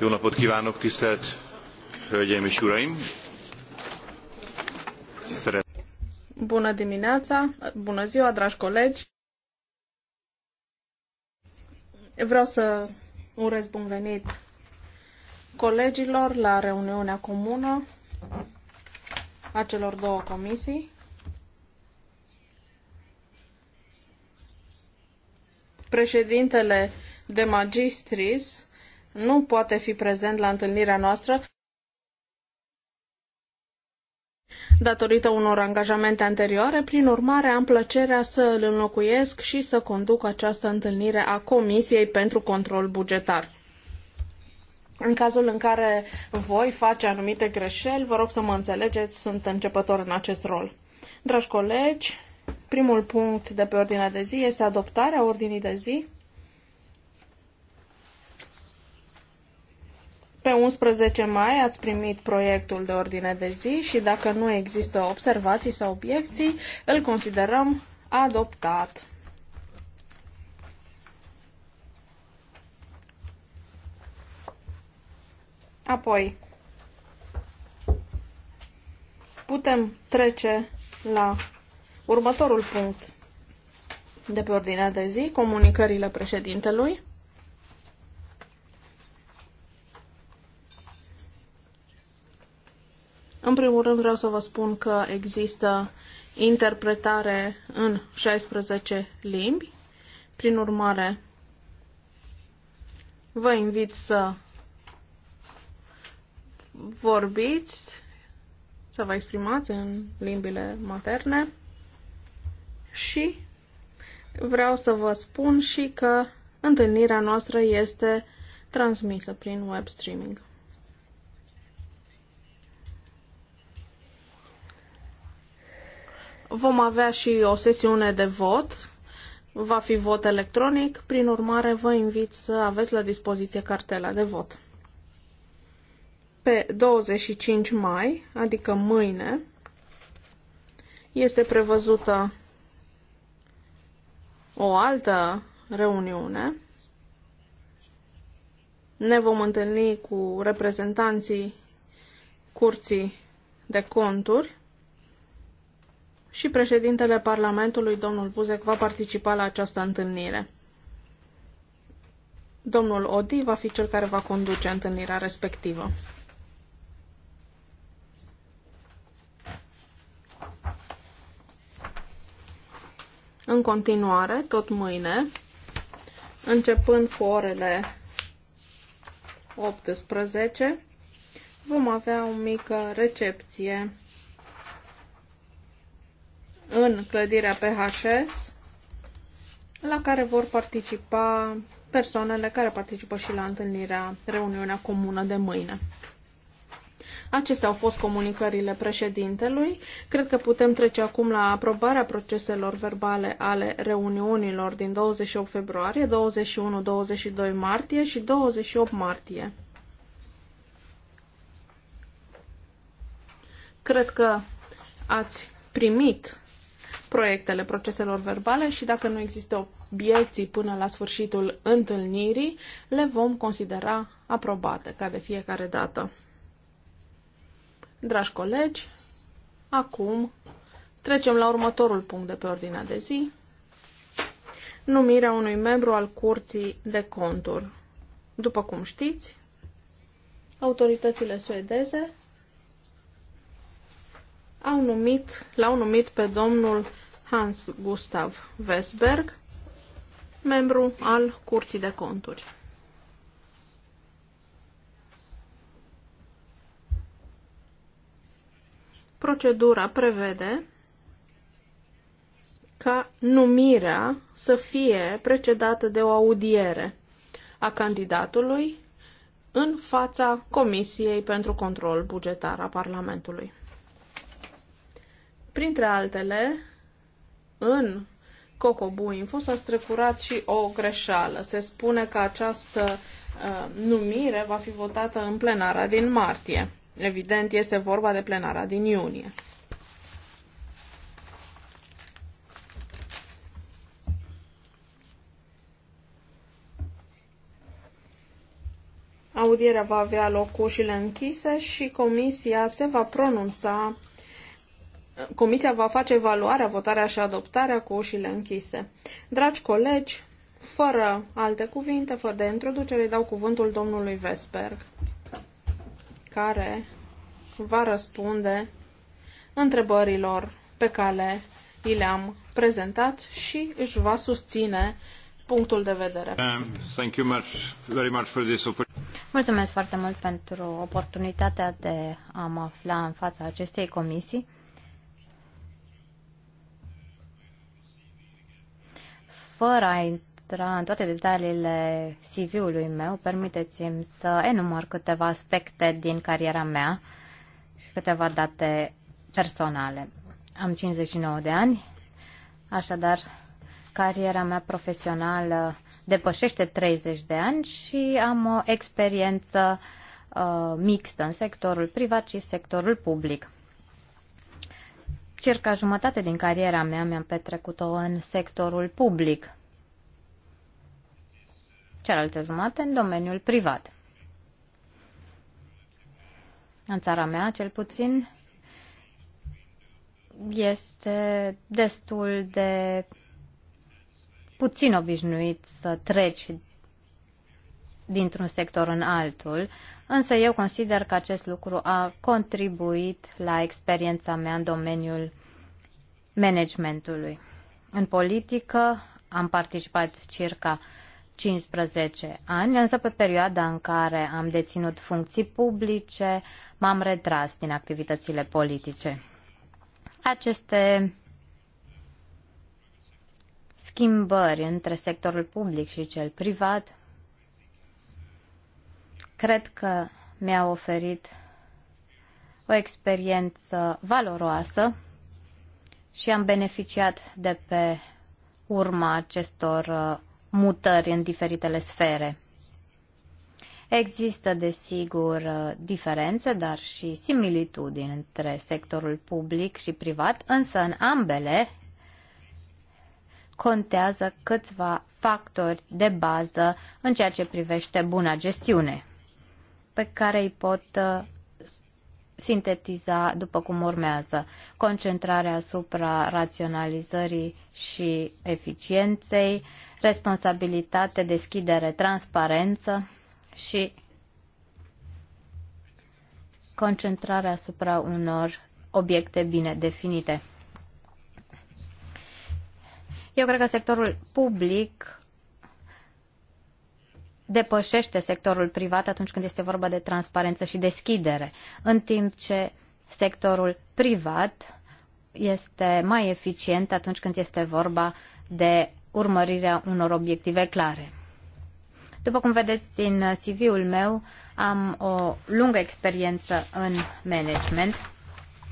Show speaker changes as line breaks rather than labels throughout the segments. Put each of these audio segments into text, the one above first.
Jó napot kívánok, tisztelt Hölgyeim és Uraim! Szeret...
Bună dimineața, bună ziua, dragi colegi! Vreau să urez bun venit colegilor la reuniunea comună a celor două comisii. Președintele de magistris nu poate fi prezent la întâlnirea noastră datorită unor angajamente anterioare, prin urmare am plăcerea să îl înlocuiesc și să conduc această întâlnire a Comisiei pentru Control Bugetar. În cazul în care voi face anumite greșeli, vă rog să mă înțelegeți, sunt începător în acest rol. Dragi colegi, primul punct de pe ordinea de zi este adoptarea ordinii de zi. Pe 11 mai ați primit proiectul de ordine de zi și dacă nu există observații sau obiecții, îl considerăm adoptat. Apoi, putem trece la următorul punct de pe ordinea de zi, comunicările președintelui. În primul rând vreau să vă spun că există interpretare în 16 limbi. Prin urmare, vă invit să vorbiți, să vă exprimați în limbile materne și vreau să vă spun și că întâlnirea noastră este transmisă prin web streaming. Vom avea și o sesiune de vot. Va fi vot electronic, prin urmare vă invit să aveți la dispoziție cartela de vot. Pe 25 mai, adică mâine, este prevăzută o altă reuniune. Ne vom întâlni cu reprezentanții curții de conturi și președintele Parlamentului, domnul Buzek, va participa la această întâlnire. Domnul Odi va fi cel care va conduce întâlnirea respectivă. În continuare, tot mâine, începând cu orele 18, vom avea o mică recepție în clădirea PHS, la care vor participa persoanele care participă și la întâlnirea, reuniunea comună de mâine. Acestea au fost comunicările președintelui. Cred că putem trece acum la aprobarea proceselor verbale ale reuniunilor din 28 februarie, 21-22 martie și 28 martie. Cred că ați primit proiectele proceselor verbale și dacă nu există obiecții până la sfârșitul întâlnirii, le vom considera aprobate, ca de fiecare dată. Dragi colegi, acum trecem la următorul punct de pe ordinea de zi, numirea unui membru al Curții de Conturi. După cum știți, autoritățile suedeze au numit, l-au numit pe domnul Hans Gustav Vesberg, membru al Curții de Conturi. Procedura prevede ca numirea să fie precedată de o audiere a candidatului în fața Comisiei pentru Control Bugetar a Parlamentului. Printre altele, în Cocobu Info s-a strecurat și o greșeală. Se spune că această uh, numire va fi votată în plenara din martie. Evident, este vorba de plenara din iunie. Audierea va avea loc ușile închise și comisia se va pronunța Comisia va face evaluarea, votarea și adoptarea cu ușile închise. Dragi colegi, fără alte cuvinte, fără de introducere, îi dau cuvântul domnului Vesberg, care va răspunde întrebărilor pe care i le-am prezentat și își va susține punctul de vedere. Um,
thank you much, very much for this
Mulțumesc foarte mult pentru oportunitatea
de a mă afla în fața acestei comisii. fără a intra în toate detaliile CV-ului meu, permiteți-mi să enumăr câteva aspecte din cariera mea și câteva date personale. Am 59 de ani, așadar cariera mea profesională depășește 30 de ani și am o experiență uh, mixtă în sectorul privat și sectorul public circa jumătate din cariera mea mi-am petrecut-o în sectorul public, cealaltă jumătate în domeniul privat. În țara mea, cel puțin, este destul de puțin obișnuit să treci dintr-un sector în altul, însă eu consider că acest lucru a contribuit la experiența mea în domeniul managementului. În politică am participat circa 15 ani, însă pe perioada în care am deținut funcții publice, m-am retras din activitățile politice. Aceste schimbări între sectorul public și cel privat Cred că mi-a oferit o experiență valoroasă și am beneficiat de pe urma acestor uh, mutări în diferitele sfere. Există, desigur, uh, diferențe, dar și similitudini între sectorul public și privat, însă în ambele contează câțiva factori de bază în ceea ce privește buna gestiune pe care îi pot uh, sintetiza după cum urmează. Concentrarea asupra raționalizării și eficienței, responsabilitate, deschidere, transparență și concentrarea asupra unor obiecte bine definite. Eu cred că sectorul public depășește sectorul privat atunci când este vorba de transparență și deschidere, în timp ce sectorul privat este mai eficient atunci când este vorba de urmărirea unor obiective clare. După cum vedeți din CV-ul meu, am o lungă experiență în management.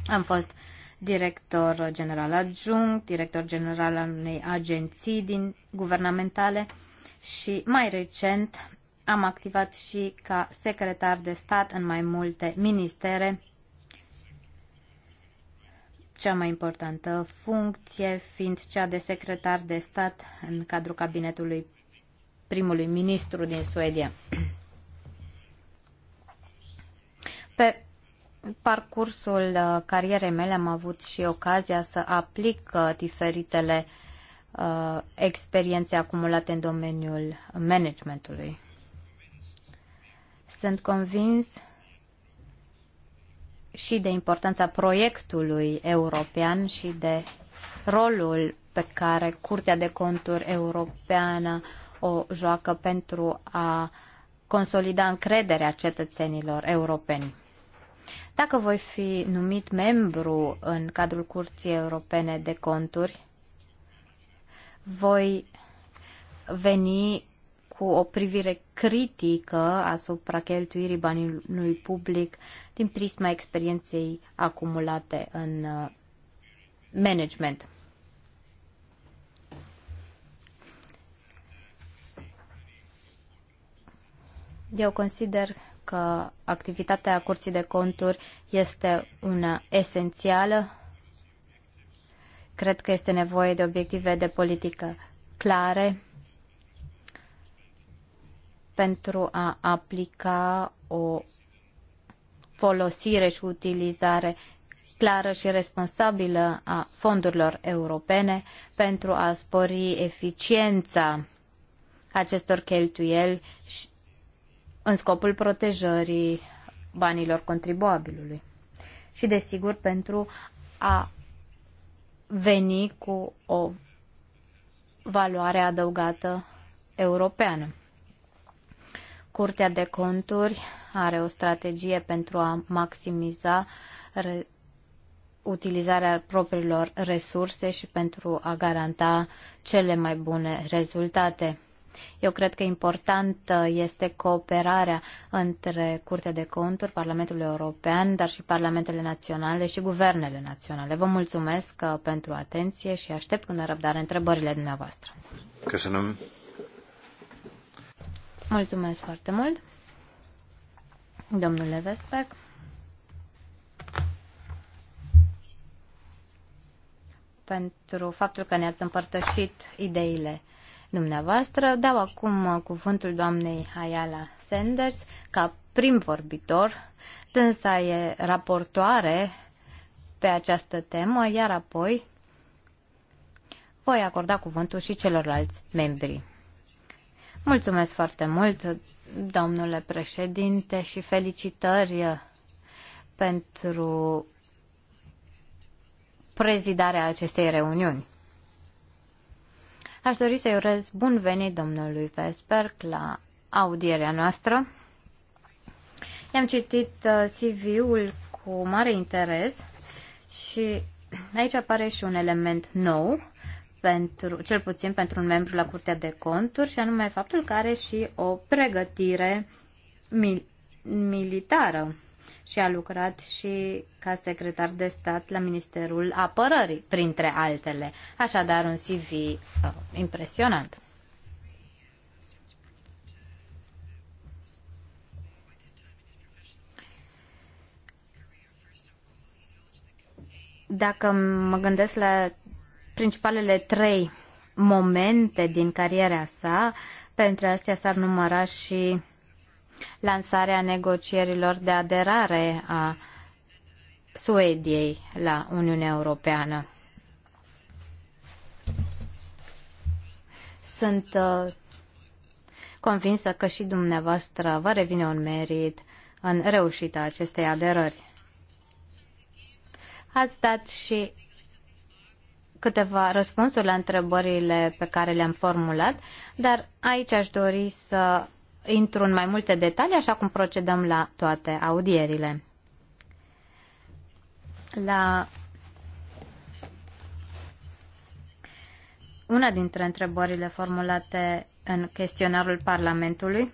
Am fost director general adjunct, director general al unei agenții din guvernamentale și mai recent am activat și ca secretar de stat în mai multe ministere, cea mai importantă funcție fiind cea de secretar de stat în cadrul cabinetului primului ministru din Suedia. Pe parcursul uh, carierei mele am avut și ocazia să aplic uh, diferitele uh, uh, experiențe acumulate în domeniul managementului. Sunt convins și de importanța proiectului european și de rolul pe care Curtea de Conturi Europeană o joacă pentru a consolida încrederea cetățenilor europeni. Dacă voi fi numit membru în cadrul Curții Europene de Conturi, voi veni cu o privire critică asupra cheltuirii banului public din prisma experienței acumulate în uh, management. Eu consider că activitatea Curții de Conturi este una esențială Cred că este nevoie de obiective de politică clare pentru a aplica o folosire și utilizare clară și responsabilă a fondurilor europene pentru a spori eficiența acestor cheltuieli în scopul protejării banilor contribuabilului. Și, desigur, pentru a veni cu o valoare adăugată europeană. Curtea de conturi are o strategie pentru a maximiza utilizarea propriilor resurse și pentru a garanta cele mai bune rezultate. Eu cred că importantă este cooperarea între Curtea de Conturi, Parlamentul European, dar și Parlamentele Naționale și Guvernele Naționale. Vă mulțumesc uh, pentru atenție și aștept cu nerăbdare întrebările dumneavoastră. Că să nu... Mulțumesc foarte mult, domnule Vespec. pentru faptul că ne-ați împărtășit ideile dumneavoastră. Dau acum uh, cuvântul doamnei Hayala Sanders ca prim vorbitor. Tânsa e raportoare pe această temă, iar apoi voi acorda cuvântul și celorlalți membri. Mulțumesc foarte mult, domnule președinte, și felicitări uh, pentru prezidarea acestei reuniuni. Aș dori să-i urez bun venit domnului Vesperc la audierea noastră. I-am citit uh, CV-ul cu mare interes și aici apare și un element nou, pentru, cel puțin pentru un membru la Curtea de Conturi, și anume faptul că are și o pregătire mil- militară și a lucrat și ca secretar de stat la Ministerul Apărării, printre altele. Așadar, un CV uh, impresionant. Dacă mă gândesc la principalele trei momente din cariera sa, pentru astea s-ar număra și lansarea negocierilor de aderare a Suediei la Uniunea Europeană. Sunt uh, convinsă că și dumneavoastră vă revine un merit în reușita acestei aderări. Ați dat și câteva răspunsuri la întrebările pe care le-am formulat, dar aici aș dori să intru în mai multe detalii, așa cum procedăm la toate audierile. La una dintre întrebările formulate în chestionarul Parlamentului,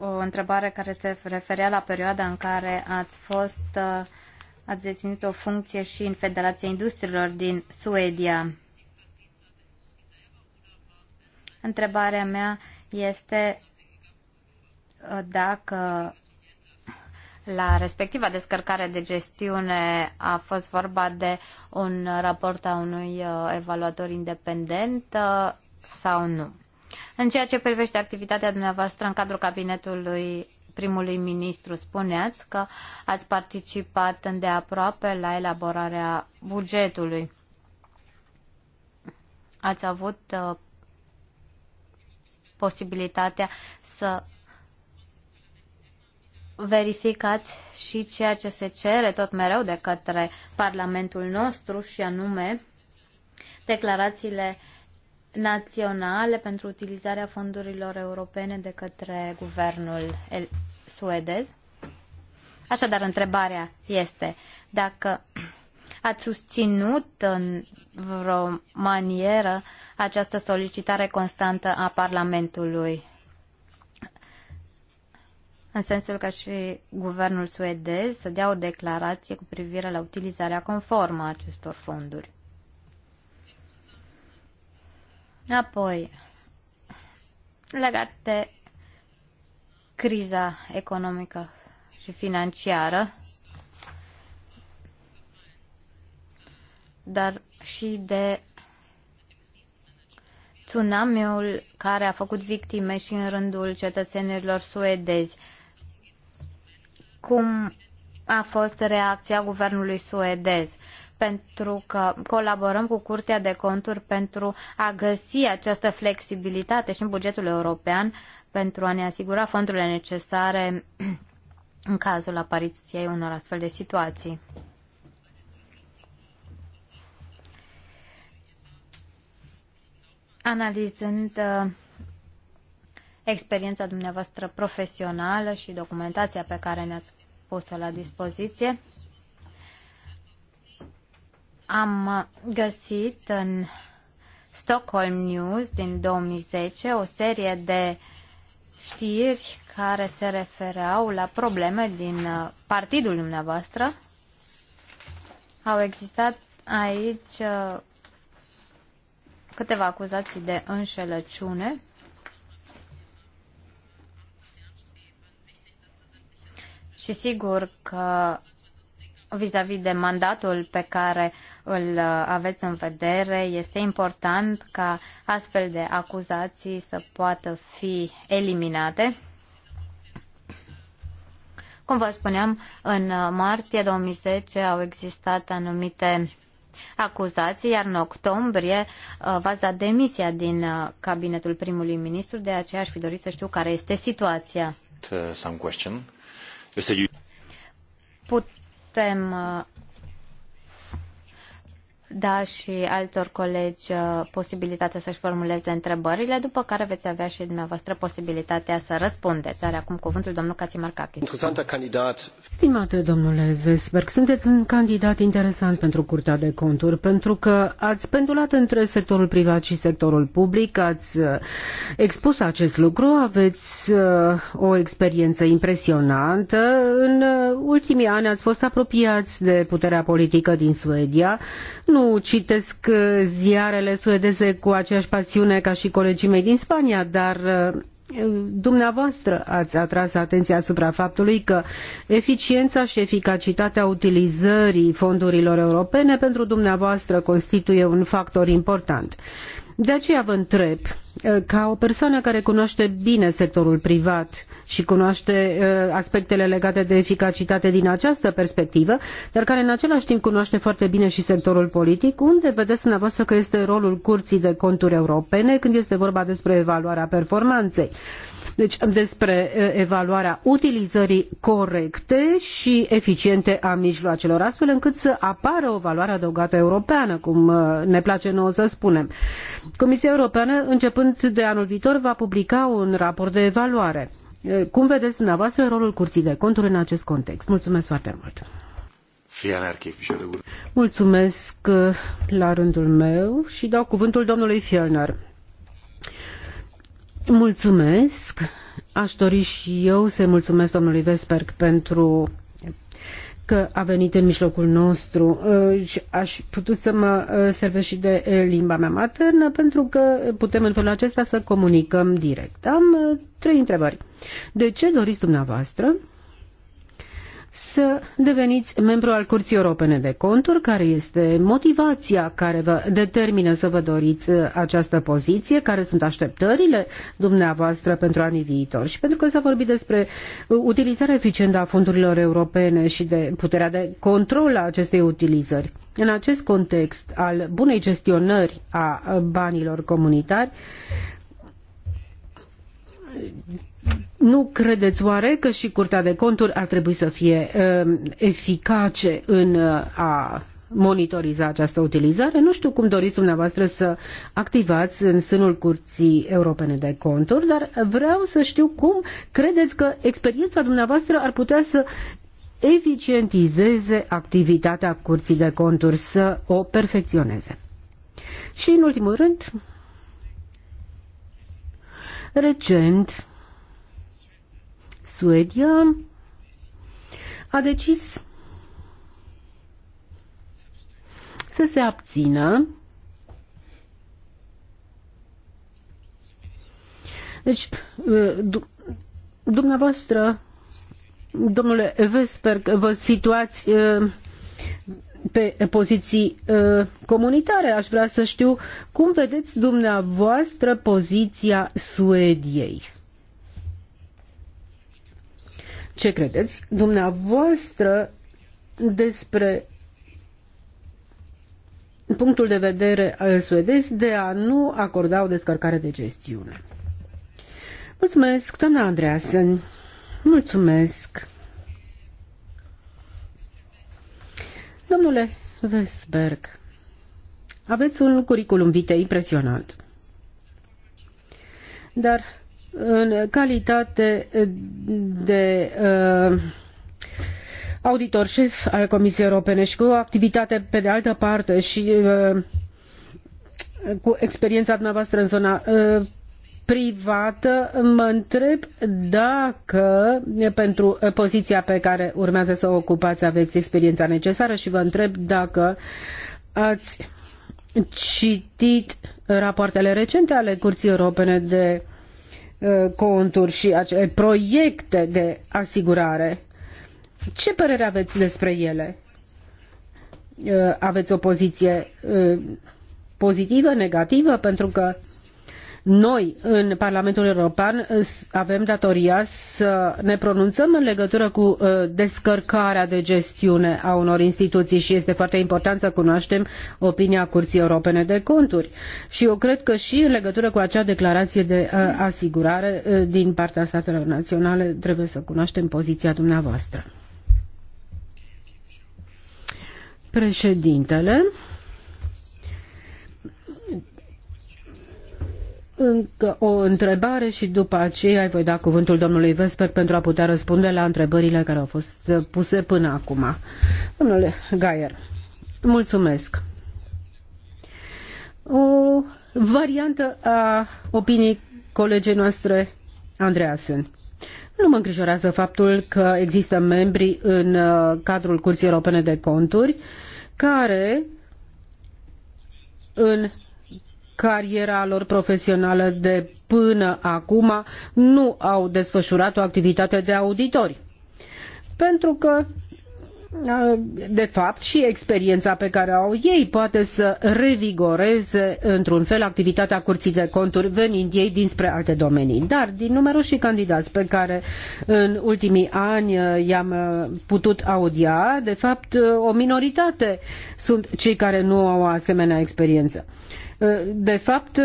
o întrebare care se referea la perioada în care ați fost uh, ați deținut o funcție și în Federația Industriilor din Suedia. Întrebarea mea este uh, dacă la respectiva descărcare de gestiune a fost vorba de un raport a unui uh, evaluator independent sau nu. În ceea ce privește activitatea dumneavoastră în cadrul cabinetului primului ministru, spuneați că ați participat îndeaproape la elaborarea bugetului. Ați avut uh, posibilitatea să verificați și ceea ce se cere tot mereu de către Parlamentul nostru și anume declarațiile uh, naționale pentru utilizarea fondurilor europene de către guvernul suedez. Așadar, întrebarea este dacă ați susținut în vreo manieră această solicitare constantă a Parlamentului, în sensul că și guvernul suedez să dea o declarație cu privire la utilizarea conformă a acestor fonduri. Apoi, legat de criza economică și financiară, dar și de tsunamiul care a făcut victime și în rândul cetățenilor suedezi. Cum a fost reacția guvernului suedez? pentru că colaborăm cu Curtea de Conturi pentru a găsi această flexibilitate și în bugetul european pentru a ne asigura fondurile necesare în cazul apariției unor astfel de situații. Analizând uh, experiența dumneavoastră profesională și documentația pe care ne-ați pus-o la dispoziție, am găsit în Stockholm News din 2010 o serie de știri care se refereau la probleme din uh, partidul dumneavoastră. Au existat aici uh, câteva acuzații de înșelăciune. Și sigur că vis-a-vis -vis de mandatul pe care îl uh, aveți în vedere, este important ca astfel de acuzații să poată fi eliminate. Cum vă spuneam, în uh, martie 2010 au existat anumite acuzații, iar în octombrie uh, v-ați dat demisia din cabinetul primului ministru, de aceea aș fi dorit să știu care este situația.
Some question.
Put putem uh, da și altor colegi uh, posibilitatea să-și formuleze întrebările, după care veți avea și dumneavoastră posibilitatea să răspundeți. Are acum cuvântul domnul Cațimarcachis. Interesantă
candidat. Stimate domnule Vesberg, sunteți un candidat interesant pentru Curtea de Conturi, pentru că ați pendulat între sectorul privat și sectorul public, ați uh, expus acest lucru, aveți uh, o experiență impresionantă. În ultimii ani ați fost apropiați de puterea politică din Suedia. Nu nu citesc uh, ziarele suedeze cu aceeași pasiune ca și colegii mei din Spania, dar uh, dumneavoastră ați atras atenția asupra faptului că eficiența și eficacitatea utilizării fondurilor europene pentru dumneavoastră constituie un factor important. De aceea vă întreb, uh, ca o persoană care cunoaște bine sectorul privat și cunoaște uh, aspectele legate de eficacitate din această perspectivă, dar care în același timp cunoaște foarte bine și sectorul politic, unde vedeți dumneavoastră că este rolul Curții de Conturi Europene când este vorba despre evaluarea performanței? Deci despre evaluarea utilizării corecte și eficiente a mijloacelor, astfel încât să apară o valoare adăugată europeană, cum ne place nouă să spunem. Comisia Europeană, începând de anul viitor, va publica un raport de evaluare. Cum vedeți dumneavoastră rolul Curții de Conturi în acest context? Mulțumesc foarte mult! Mulțumesc la rândul meu și dau cuvântul domnului Fielner. Mulțumesc. Aș dori și eu să mulțumesc domnului Vesperc pentru că a venit în mijlocul nostru uh, și aș putut să mă uh, servesc și de uh, limba mea maternă pentru că putem în felul acesta să comunicăm direct. Am trei întrebări. De ce doriți dumneavoastră să deveniți membru al Curții Europene de Conturi, care este motivația care vă determină să vă doriți uh, această poziție, care sunt așteptările dumneavoastră pentru anii viitor Și pentru că s-a vorbit despre uh, utilizarea eficientă a fondurilor europene și de puterea de control a acestei utilizări. În acest context al bunei gestionări a uh, banilor comunitari, nu credeți oare că și Curtea de Conturi ar trebui să fie um, eficace în uh, a monitoriza această utilizare. Nu știu cum doriți dumneavoastră să activați în sânul Curții Europene de Conturi, dar vreau să știu cum credeți că experiența dumneavoastră ar putea să eficientizeze activitatea Curții de Conturi, să o perfecționeze. Și în ultimul rând, recent, Suedia a decis să se abțină Deci, uh, dumneavoastră, domnule Vesper, vă situați uh, pe poziții uh, comunitare. Aș vrea să știu cum vedeți dumneavoastră poziția Suediei ce credeți dumneavoastră despre punctul de vedere al suedez de a nu acorda o descărcare de gestiune. Mulțumesc, doamna Andreasen. Mulțumesc. Domnule Vesberg, aveți un curriculum vitae impresionant. Dar în calitate de uh, auditor șef al Comisiei Europene și cu o activitate pe de altă parte și uh, cu experiența dumneavoastră în zona uh, privată, mă întreb dacă pentru uh, poziția pe care urmează să o ocupați aveți experiența necesară și vă întreb dacă ați citit rapoartele recente ale Curții Europene de Uh, conturi și acele eh, proiecte de asigurare. Ce părere aveți despre ele? Uh, aveți o poziție uh, pozitivă, negativă, pentru că noi, în Parlamentul European, avem datoria să ne pronunțăm în legătură cu uh, descărcarea de gestiune a unor instituții și este foarte important să cunoaștem opinia Curții Europene de Conturi. Și eu cred că și în legătură cu acea declarație de uh, asigurare uh, din partea statelor naționale trebuie să cunoaștem poziția dumneavoastră. Președintele, Încă o întrebare și după aceea îi voi da cuvântul domnului Vesper pentru a putea răspunde la întrebările care au fost puse până acum. Domnule Gaier, mulțumesc. O variantă a opinii colegii noastre, Andreasen. Nu mă îngrijorează faptul că există membri în uh, cadrul Curții Europene de Conturi care în cariera lor profesională de până acum nu au desfășurat o activitate de auditori. Pentru că Uh, de fapt și experiența pe care au ei poate să revigoreze într-un fel activitatea curții de conturi venind ei dinspre alte domenii. Dar din numeroșii candidați pe care în ultimii ani uh, i-am uh, putut audia, de fapt o minoritate sunt cei care nu au o asemenea experiență. De fapt,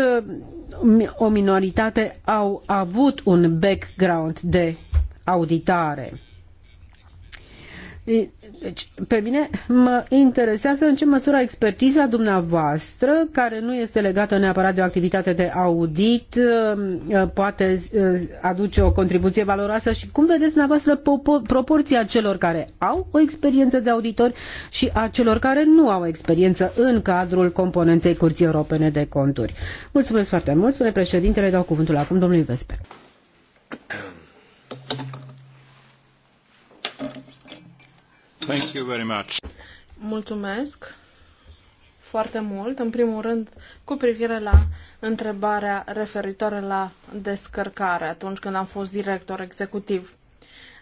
o minoritate au avut un background de auditare deci, pe mine mă interesează în ce măsură expertiza dumneavoastră, care nu este legată neapărat de o activitate de audit, uh, uh, poate uh, aduce o contribuție valoroasă și cum vedeți dumneavoastră proporția celor care au o experiență de auditori și a celor care nu au experiență în cadrul componenței Curții Europene de Conturi. Mulțumesc foarte mult, spune președintele, dau cuvântul acum domnului Vesper.
Mulțumesc foarte mult. În primul rând, cu privire la întrebarea referitoare la descărcare, atunci când am fost director executiv.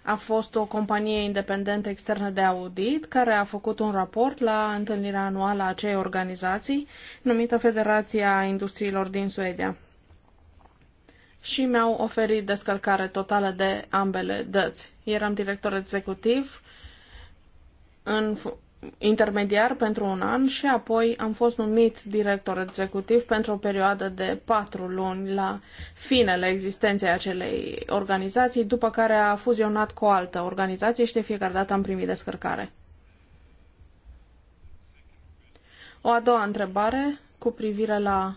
A fost o companie independentă externă de audit care a făcut un raport la întâlnirea anuală a acei organizații, numită Federația Industriilor din Suedia. Și mi-au oferit descărcare totală de ambele dăți. Eram director executiv în intermediar pentru un an și apoi am fost numit director executiv pentru o perioadă de patru luni la finele existenței acelei organizații, după care a fuzionat cu o altă organizație și de fiecare dată am primit descărcare. O a doua întrebare cu privire la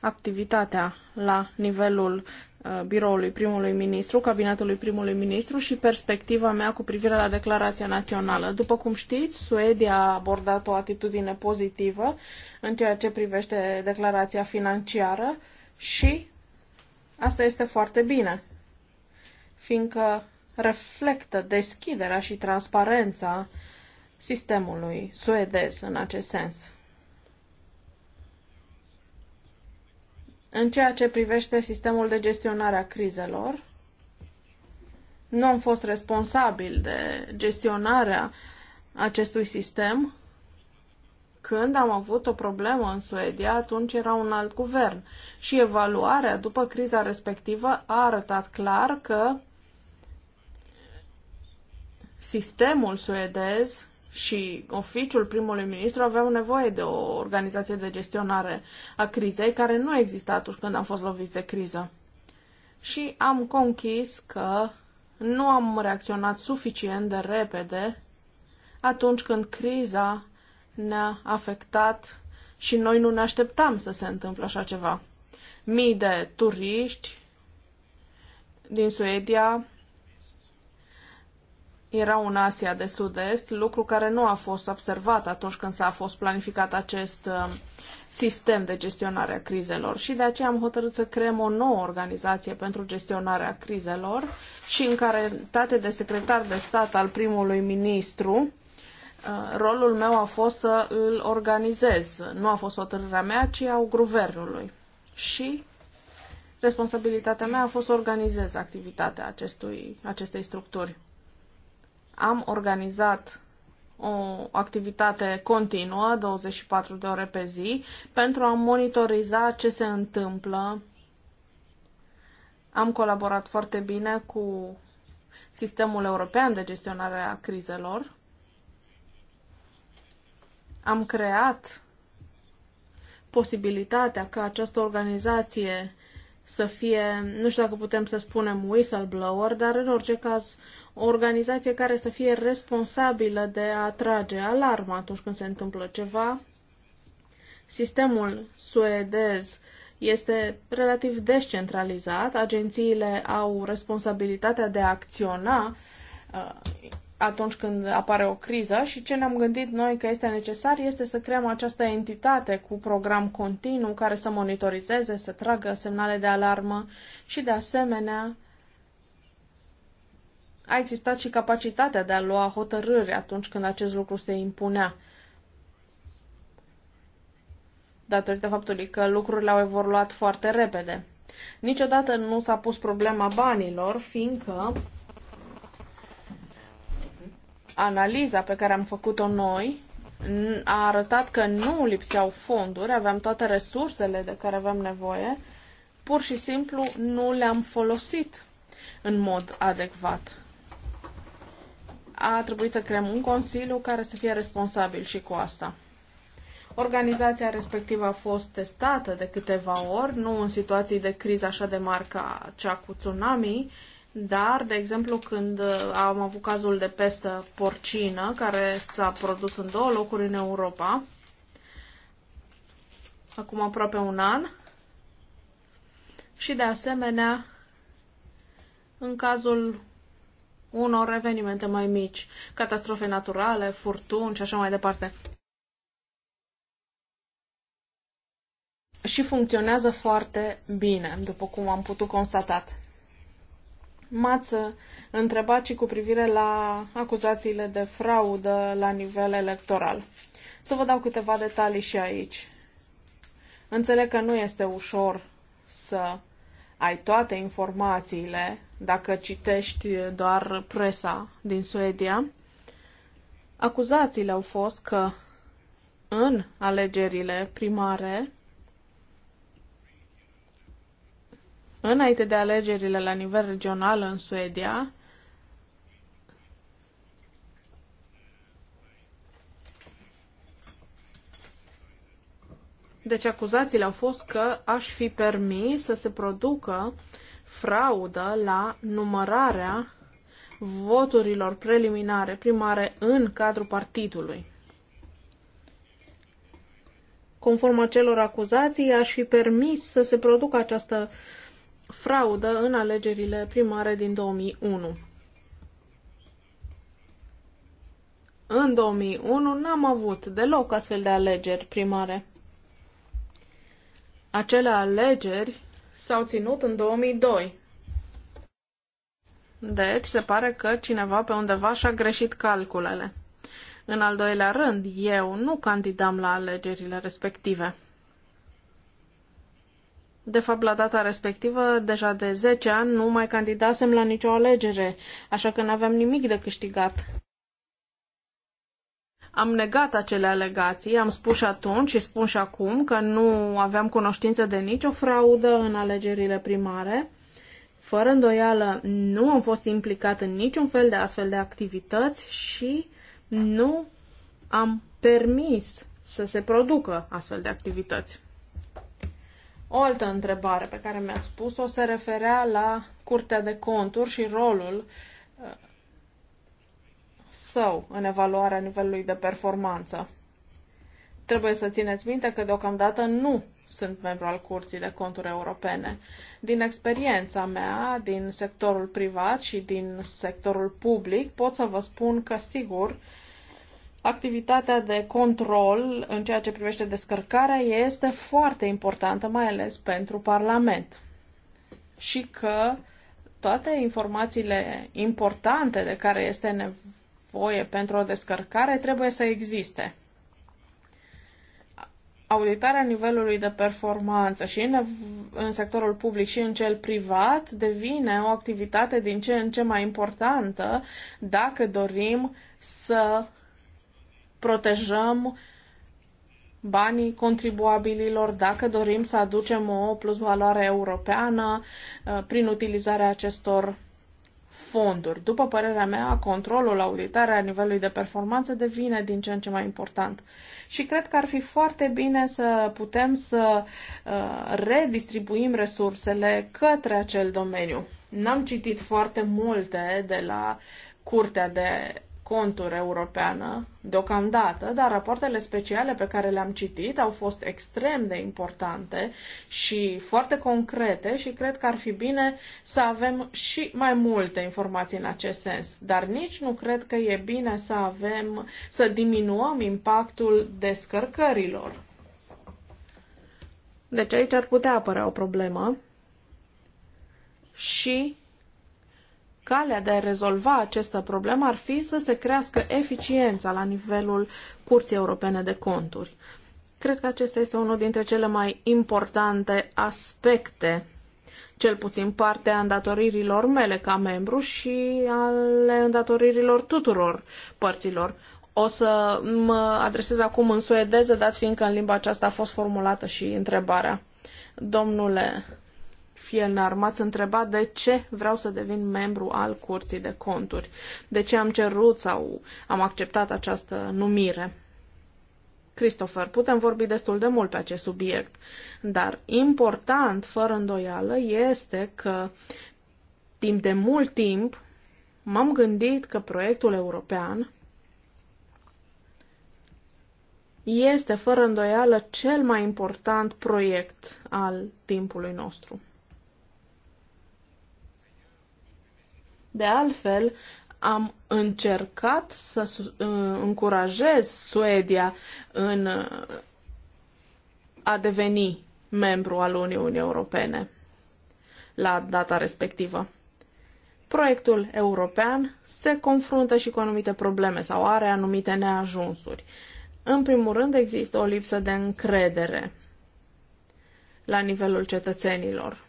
activitatea la nivelul Uh, biroului primului ministru, cabinetului primului ministru și perspectiva mea cu privire la declarația națională. După cum știți, Suedia a abordat o atitudine pozitivă în ceea ce privește declarația financiară și asta este foarte bine, fiindcă reflectă deschiderea și transparența sistemului suedez în acest sens. În ceea ce privește sistemul de gestionare a crizelor, nu am fost responsabil de gestionarea acestui sistem. Când am avut o problemă în Suedia, atunci era un alt guvern și evaluarea după criza respectivă a arătat clar că sistemul suedez și oficiul primului ministru aveau nevoie de o organizație de gestionare a crizei care nu exista atunci când am fost loviți de criză. Și am conchis că nu am reacționat suficient de repede atunci când criza ne-a afectat și noi nu ne așteptam să se întâmple așa ceva. Mii de turiști din Suedia era în Asia de Sud-Est, lucru care nu a fost observat atunci când s-a fost planificat acest uh, sistem de gestionare a crizelor și de aceea am hotărât să creăm o nouă organizație pentru gestionarea crizelor și în care tate de secretar de stat al primului ministru, uh, rolul meu a fost să îl organizez. Nu a fost hotărârea mea, ci a guvernului. Și responsabilitatea mea a fost să organizez activitatea acestui, acestei structuri am organizat o activitate continuă, 24 de ore pe zi, pentru a monitoriza ce se întâmplă. Am colaborat foarte bine cu sistemul european de gestionare a crizelor. Am creat posibilitatea ca această organizație să fie, nu știu dacă putem să spunem whistleblower, dar în orice caz uh, o organizație care să fie responsabilă de a trage alarma atunci când se întâmplă ceva. Sistemul suedez este relativ descentralizat, agențiile au responsabilitatea de a acționa uh, atunci când apare o criză și ce ne-am gândit noi că este necesar este să creăm această entitate cu program continuu care să monitorizeze, să tragă semnale de alarmă și de asemenea a existat și capacitatea de a lua hotărâri atunci când acest lucru se impunea. Datorită faptului că lucrurile au evoluat foarte repede. Niciodată nu s-a pus problema banilor, fiindcă analiza pe care am făcut-o noi a arătat că nu lipseau fonduri, aveam toate resursele de care aveam nevoie, pur și simplu nu le-am folosit în mod adecvat a trebuit să creăm un consiliu care să fie responsabil și cu asta. Organizația respectivă a fost testată de câteva ori, nu în situații de criză așa de mari ca cea cu tsunami, dar, de exemplu, când uh, am avut cazul de pestă porcină, care s-a produs în două locuri în Europa, acum aproape un an, și, de asemenea, în cazul unor evenimente mai mici, catastrofe naturale, furtuni și așa mai departe. Și funcționează foarte bine, după cum am putut constatat. M-ați întrebat și cu privire la acuzațiile de fraudă la nivel electoral. Să vă dau câteva detalii și aici. Înțeleg că nu este ușor să ai toate informațiile dacă citești doar presa din Suedia. Acuzațiile au fost că în alegerile primare, înainte de alegerile la nivel regional în Suedia, Deci acuzațiile au fost că aș fi permis să se producă fraudă la numărarea voturilor preliminare primare în cadrul partidului. Conform acelor acuzații, aș fi permis să se producă această fraudă în alegerile primare din 2001. În 2001 n-am avut deloc astfel de alegeri primare. Acele alegeri s-au ținut în 2002. Deci, se pare că cineva pe undeva și-a greșit calculele. În al doilea rând, eu nu candidam la alegerile respective. De fapt, la data respectivă, deja de 10 ani, nu mai candidasem la nicio alegere, așa că n-aveam nimic de câștigat. Am negat acele alegații, am spus și atunci și spun și acum că nu aveam cunoștință de nicio fraudă în alegerile primare. Fără îndoială, nu am fost implicat în niciun fel de astfel de activități și nu am permis să se producă astfel de activități. O altă întrebare pe care mi-a spus-o se referea la Curtea de Conturi și rolul său în evaluarea nivelului de performanță. Trebuie să țineți minte că deocamdată nu sunt membru al Curții de Conturi Europene. Din experiența mea, din sectorul privat și din sectorul public, pot să vă spun că, sigur, activitatea de control în ceea ce privește descărcarea este foarte importantă, mai ales pentru Parlament. Și că toate informațiile importante de care este nevoie voie pentru o descărcare trebuie să existe. Auditarea nivelului de performanță și în, în sectorul public și în cel privat devine o activitate din ce în ce mai importantă dacă dorim să protejăm banii contribuabililor, dacă dorim să aducem o plusvaloare europeană uh, prin utilizarea acestor fonduri. După părerea mea, controlul, auditare a nivelului de performanță devine din ce în ce mai important. Și cred că ar fi foarte bine să putem să uh, redistribuim resursele către acel domeniu. N-am citit foarte multe de la Curtea de conturi europeană deocamdată, dar rapoartele speciale pe care le-am citit au fost extrem de importante și foarte concrete și cred că ar fi bine să avem și mai multe informații în acest sens. Dar nici nu cred că e bine să avem, să diminuăm impactul descărcărilor. Deci aici ar putea apărea o problemă și Calea de a rezolva această problemă ar fi să se crească eficiența la nivelul Curții Europene de Conturi. Cred că acesta este unul dintre cele mai importante aspecte cel puțin partea îndatoririlor mele ca membru și ale îndatoririlor tuturor părților. O să mă adresez acum în suedeză, dat fiindcă în limba aceasta a fost formulată și întrebarea. Domnule Fielnar, m-ați întrebat de ce vreau să devin membru al Curții de Conturi, de ce am cerut sau am acceptat această numire. Christopher, putem vorbi destul de mult pe acest subiect, dar important, fără îndoială, este că timp de mult timp m-am gândit că proiectul european este fără îndoială cel mai important proiect al timpului nostru. De altfel, am încercat să uh, încurajez Suedia în uh, a deveni membru al Uniunii Europene la data respectivă. Proiectul european se confruntă și cu anumite probleme sau are anumite neajunsuri. În primul rând, există o lipsă de încredere la nivelul cetățenilor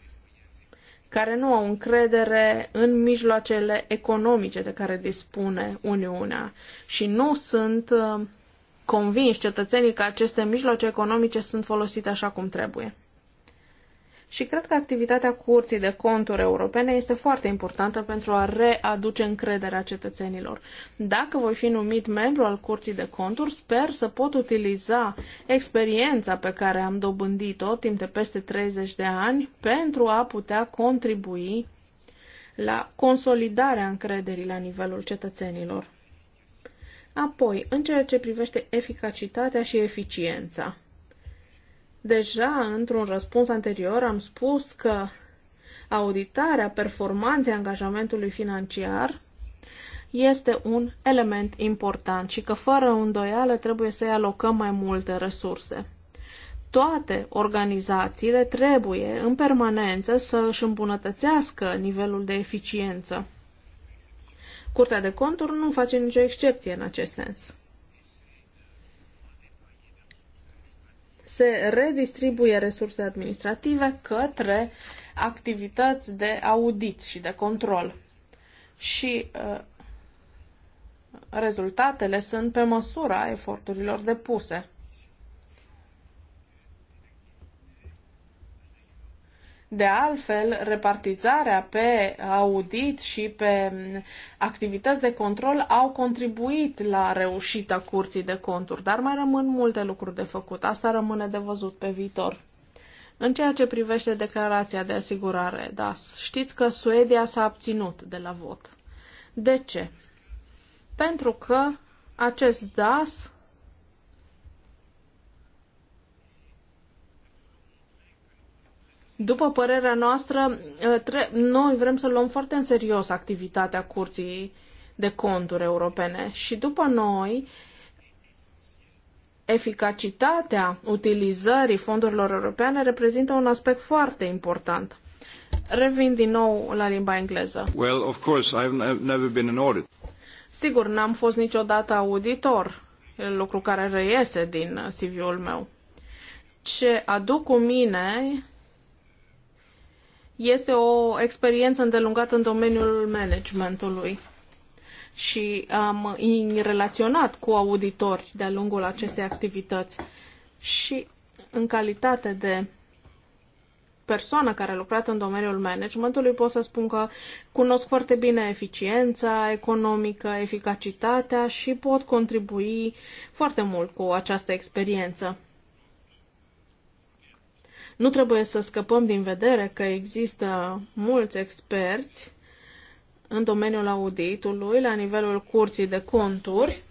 care nu au încredere în mijloacele economice de care dispune Uniunea și nu sunt uh, convinși cetățenii că aceste mijloace economice sunt folosite așa cum trebuie. Și cred că activitatea Curții de Conturi Europene este foarte importantă pentru a readuce încrederea cetățenilor. Dacă voi fi numit membru al Curții de Conturi, sper să pot utiliza experiența pe care am dobândit-o timp de peste 30 de ani pentru a putea contribui la consolidarea încrederii la nivelul cetățenilor. Apoi, în ceea ce privește eficacitatea și eficiența. Deja, într-un răspuns anterior, am spus că auditarea performanței angajamentului financiar este un element important și că fără îndoială trebuie să-i alocăm mai multe resurse. Toate organizațiile trebuie în permanență să își îmbunătățească nivelul de eficiență. Curtea de conturi nu face nicio excepție în acest sens. se redistribuie resurse administrative către activități de audit și de control. Și uh, rezultatele sunt pe măsura eforturilor depuse. De altfel, repartizarea pe audit și pe activități de control au contribuit la reușita curții de conturi, dar mai rămân multe lucruri de făcut. Asta rămâne de văzut pe viitor. În ceea ce privește declarația de asigurare, da, știți că Suedia s-a abținut de la vot. De ce? Pentru că acest DAS După părerea noastră, ă, noi vrem să luăm foarte în serios activitatea Curții de Conturi Europene și după noi, eficacitatea utilizării fondurilor europene reprezintă un aspect foarte important. Revin din nou la limba engleză.
Well, of course, I've never been an audit.
Sigur, n-am fost niciodată auditor, lucru care reiese din uh, CV-ul meu. Ce aduc cu mine este o experiență îndelungată în domeniul managementului și am relaționat cu auditori de-a lungul acestei activități și în calitate de persoană care a lucrat în domeniul managementului, pot să spun că cunosc foarte bine eficiența economică, eficacitatea și pot contribui foarte mult cu această experiență. Nu trebuie să scăpăm din vedere că există mulți experți în domeniul auditului, la nivelul curții de conturi,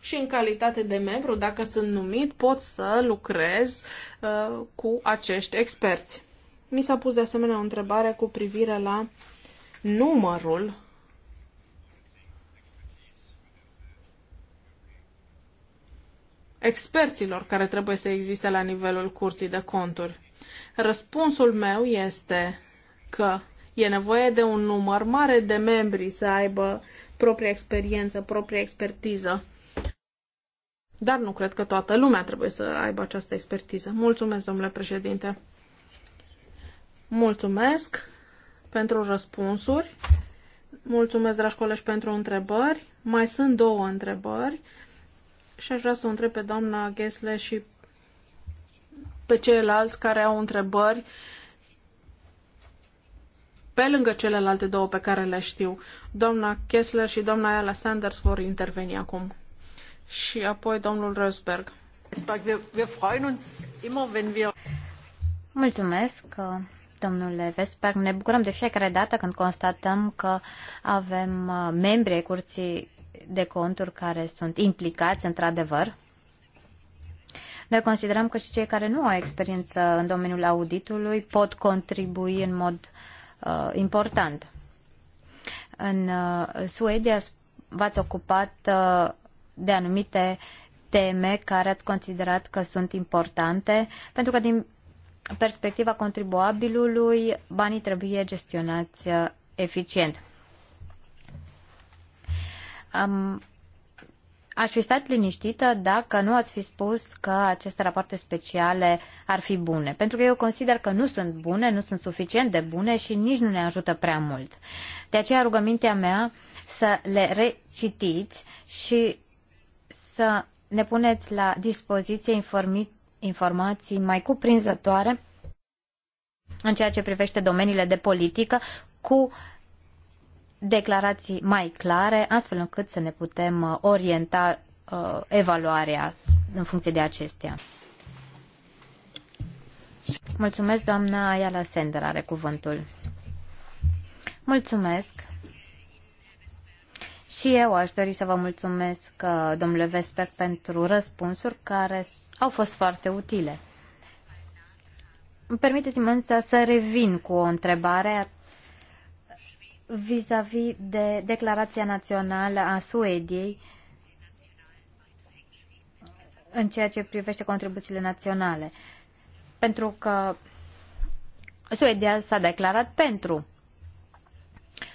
și în calitate de membru, dacă sunt numit, pot să lucrez uh, cu acești experți. Mi s-a pus de asemenea o întrebare cu privire la numărul experților care trebuie să existe la nivelul curții de conturi. Răspunsul meu este că e nevoie de un număr mare de membri să aibă propria experiență, propria expertiză. Dar nu cred că toată lumea trebuie să aibă această expertiză. Mulțumesc, domnule președinte. Mulțumesc pentru răspunsuri. Mulțumesc, dragi colegi, pentru întrebări. Mai sunt două întrebări și aș vrea să o întreb pe doamna Ghesle și pe ceilalți care au întrebări pe lângă celelalte două pe care le știu. Doamna Kessler și doamna Ayala Sanders vor interveni acum. Și apoi domnul Rosberg.
Mulțumesc, domnule Vesberg. Ne bucurăm de fiecare dată când constatăm că avem uh, membri ai Curții de conturi care sunt implicați într-adevăr. Noi considerăm că și cei care nu au experiență în domeniul auditului pot contribui în mod uh, important. În uh, Suedia v-ați ocupat uh, de anumite teme care ați considerat că sunt importante, pentru că din perspectiva contribuabilului banii trebuie gestionați uh, eficient aș fi stat liniștită dacă nu ați fi spus că aceste rapoarte speciale ar fi bune. Pentru că eu consider că nu sunt bune, nu sunt suficient de bune și nici nu ne ajută prea mult. De aceea rugămintea mea să le recitiți și să ne puneți la dispoziție informi, informații mai cuprinzătoare în ceea ce privește domeniile de politică cu uh, declarații mai clare, astfel încât să ne putem uh, orienta uh, evaluarea în funcție de acestea. Mulțumesc, doamna Ayala Sender are cuvântul. Mulțumesc. Și eu aș dori să vă mulțumesc, uh, domnule Vespec, pentru răspunsuri care au fost foarte utile. Permiteți-mi însă să revin cu o întrebare vis-a-vis de declarația națională a Suediei în ceea ce privește contribuțiile naționale. Pentru că Suedia s-a declarat pentru.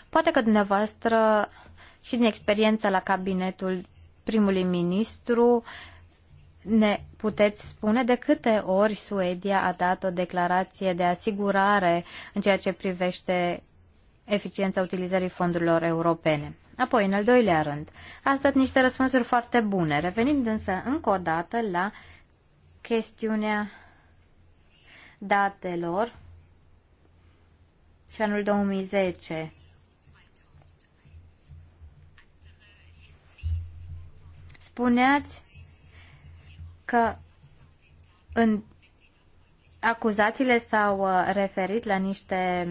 Poate că dumneavoastră și din experiența la cabinetul primului ministru ne puteți spune de câte ori Suedia a dat o declarație de asigurare în ceea ce privește eficiența utilizării fondurilor europene. Apoi, în al doilea rând, ați dat niște răspunsuri foarte bune, revenind însă încă o dată la chestiunea datelor și anul 2010. Spuneați că în acuzațiile s-au uh, referit la niște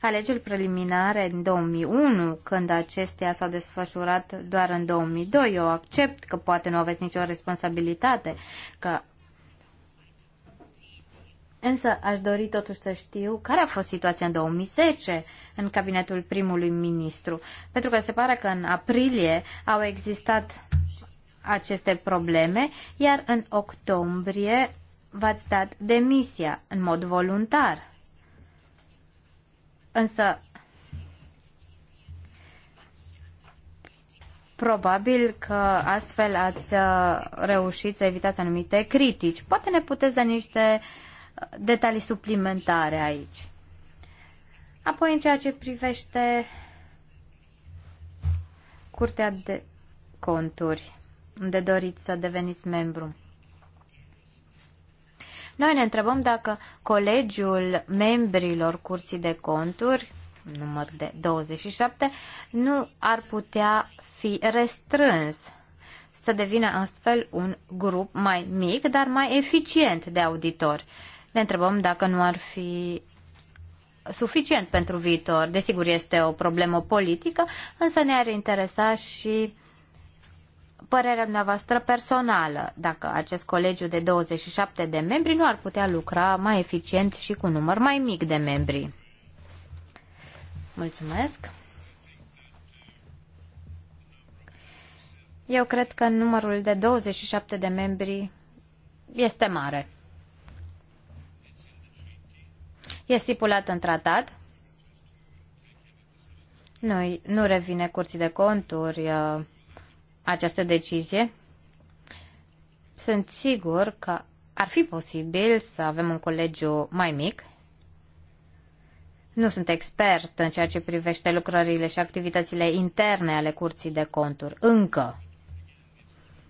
alegeri preliminare în 2001, când acestea s-au desfășurat doar în 2002. Eu accept că poate nu aveți nicio responsabilitate, că Însă aș dori totuși să știu care a fost situația în 2010 în cabinetul primului ministru, pentru că se pare că în aprilie au existat aceste probleme, iar în octombrie v-ați dat demisia în mod voluntar. Însă, probabil că astfel ați uh, reușit să evitați anumite critici. Poate ne puteți da niște uh, detalii suplimentare aici. Apoi, în ceea ce privește Curtea de Conturi, unde doriți să deveniți membru. Noi ne întrebăm dacă colegiul membrilor Curții de Conturi, număr de 27, nu ar putea fi restrâns să devină astfel un grup mai mic, dar mai eficient de auditori. Ne întrebăm dacă nu ar fi suficient pentru viitor. Desigur, este o problemă politică, însă ne-ar interesa și părerea dumneavoastră personală, dacă acest colegiu de 27 de membri nu ar putea lucra mai eficient și cu număr mai mic de membri. Mulțumesc. Eu cred că numărul de 27 de membri este mare. Este stipulat în tratat. Noi nu revine curții de conturi uh, această decizie. Sunt sigur că ar fi posibil să avem un colegiu mai mic. Nu sunt expert în ceea ce privește lucrările și activitățile interne ale curții de conturi, încă,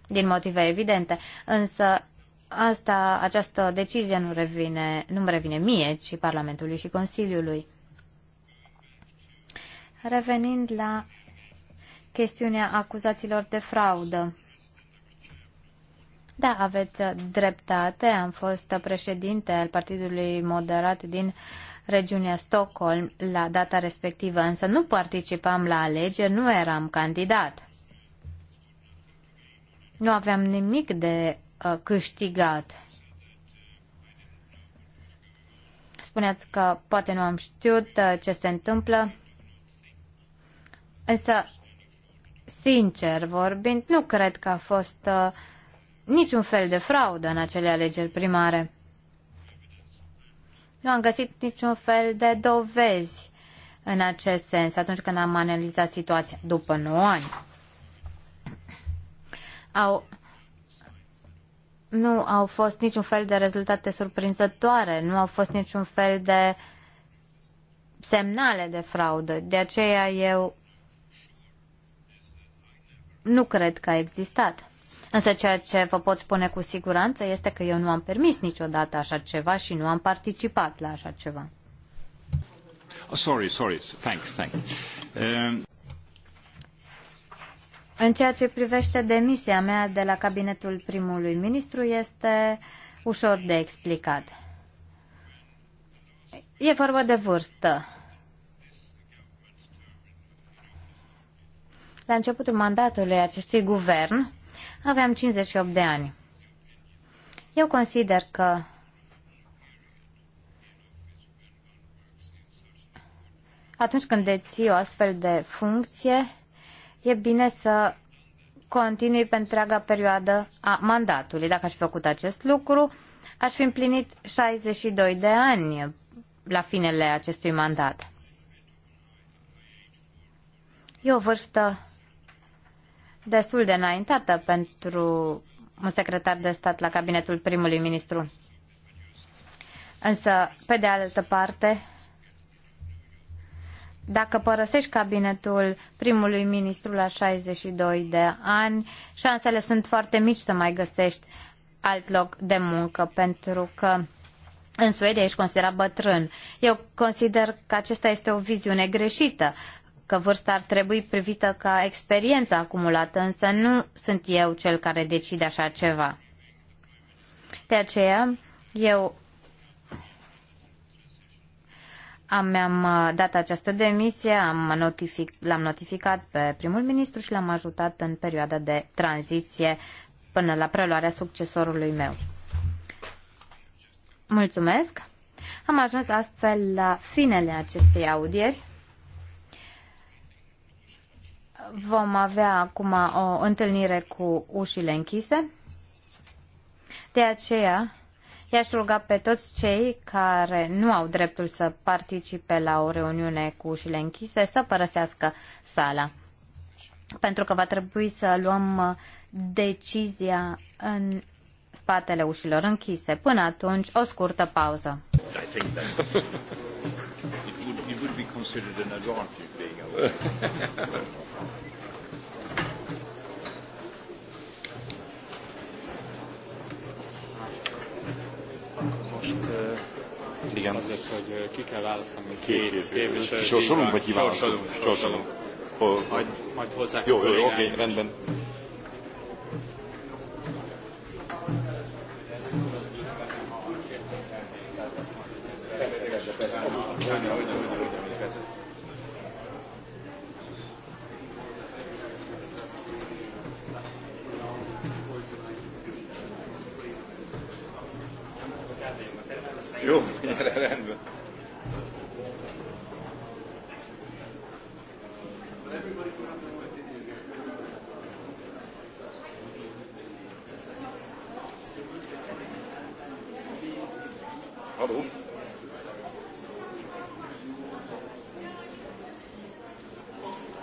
din motive evidente, însă asta, această decizie nu, revine, nu mi revine mie, ci Parlamentului și Consiliului. Revenind la chestiunea acuzațiilor de fraudă. Da, aveți dreptate. Am fost președinte al Partidului Moderat din regiunea Stockholm la data respectivă, însă nu participam la alegeri, nu eram candidat. Nu aveam nimic de uh, câștigat. Spuneați că poate nu am știut uh, ce se întâmplă, însă sincer vorbind, nu cred că a fost uh, niciun fel de fraudă în acele alegeri primare. Nu am găsit niciun fel de dovezi în acest sens atunci când am analizat situația după 9 ani. Au, nu au fost niciun fel de rezultate surprinzătoare, nu au fost niciun fel de semnale de fraudă. De aceea eu nu cred că a existat. Însă ceea ce vă pot spune cu siguranță este că eu nu am permis niciodată așa ceva și nu am participat la așa ceva.
Oh, sorry, sorry. Thanks, thanks. Um...
În ceea ce privește demisia mea de la cabinetul primului ministru este ușor de explicat. E vorba de vârstă. La începutul mandatului acestui guvern aveam 58 de ani. Eu consider că atunci când deții o astfel de funcție, e bine să continui pe întreaga perioadă a mandatului. Dacă aș fi făcut acest lucru, aș fi împlinit 62 de ani la finele acestui mandat. E o vârstă destul de înaintată pentru un secretar de stat la cabinetul primului ministru. Însă, pe de altă parte, dacă părăsești cabinetul primului ministru la 62 de ani, șansele sunt foarte mici să mai găsești alt loc de muncă, pentru că în Suedia ești considerat bătrân. Eu consider că acesta este o viziune greșită că vârsta ar trebui privită ca experiența acumulată, însă nu sunt eu cel care decide așa ceva. De aceea, eu am, mi-am uh, dat această demisie, am notific, l-am notificat pe primul ministru și l-am ajutat în perioada de tranziție până la preluarea succesorului meu. Mulțumesc! Am ajuns astfel la finele acestei audieri. Vom avea acum o întâlnire cu ușile închise. De aceea, i-aș ruga pe toți cei care nu au dreptul să participe la o reuniune cu ușile închise să părăsească sala. Pentru că va trebui să luăm decizia în spatele ușilor închise. Până atunci, o scurtă pauză. Most igen. az lesz, hogy ki kell választani két képviselőt. Sorsolunk, vagy kiválasztunk? Sorsolunk. Majd, majd hozzá. Jó, jó, jó, oké, rendben.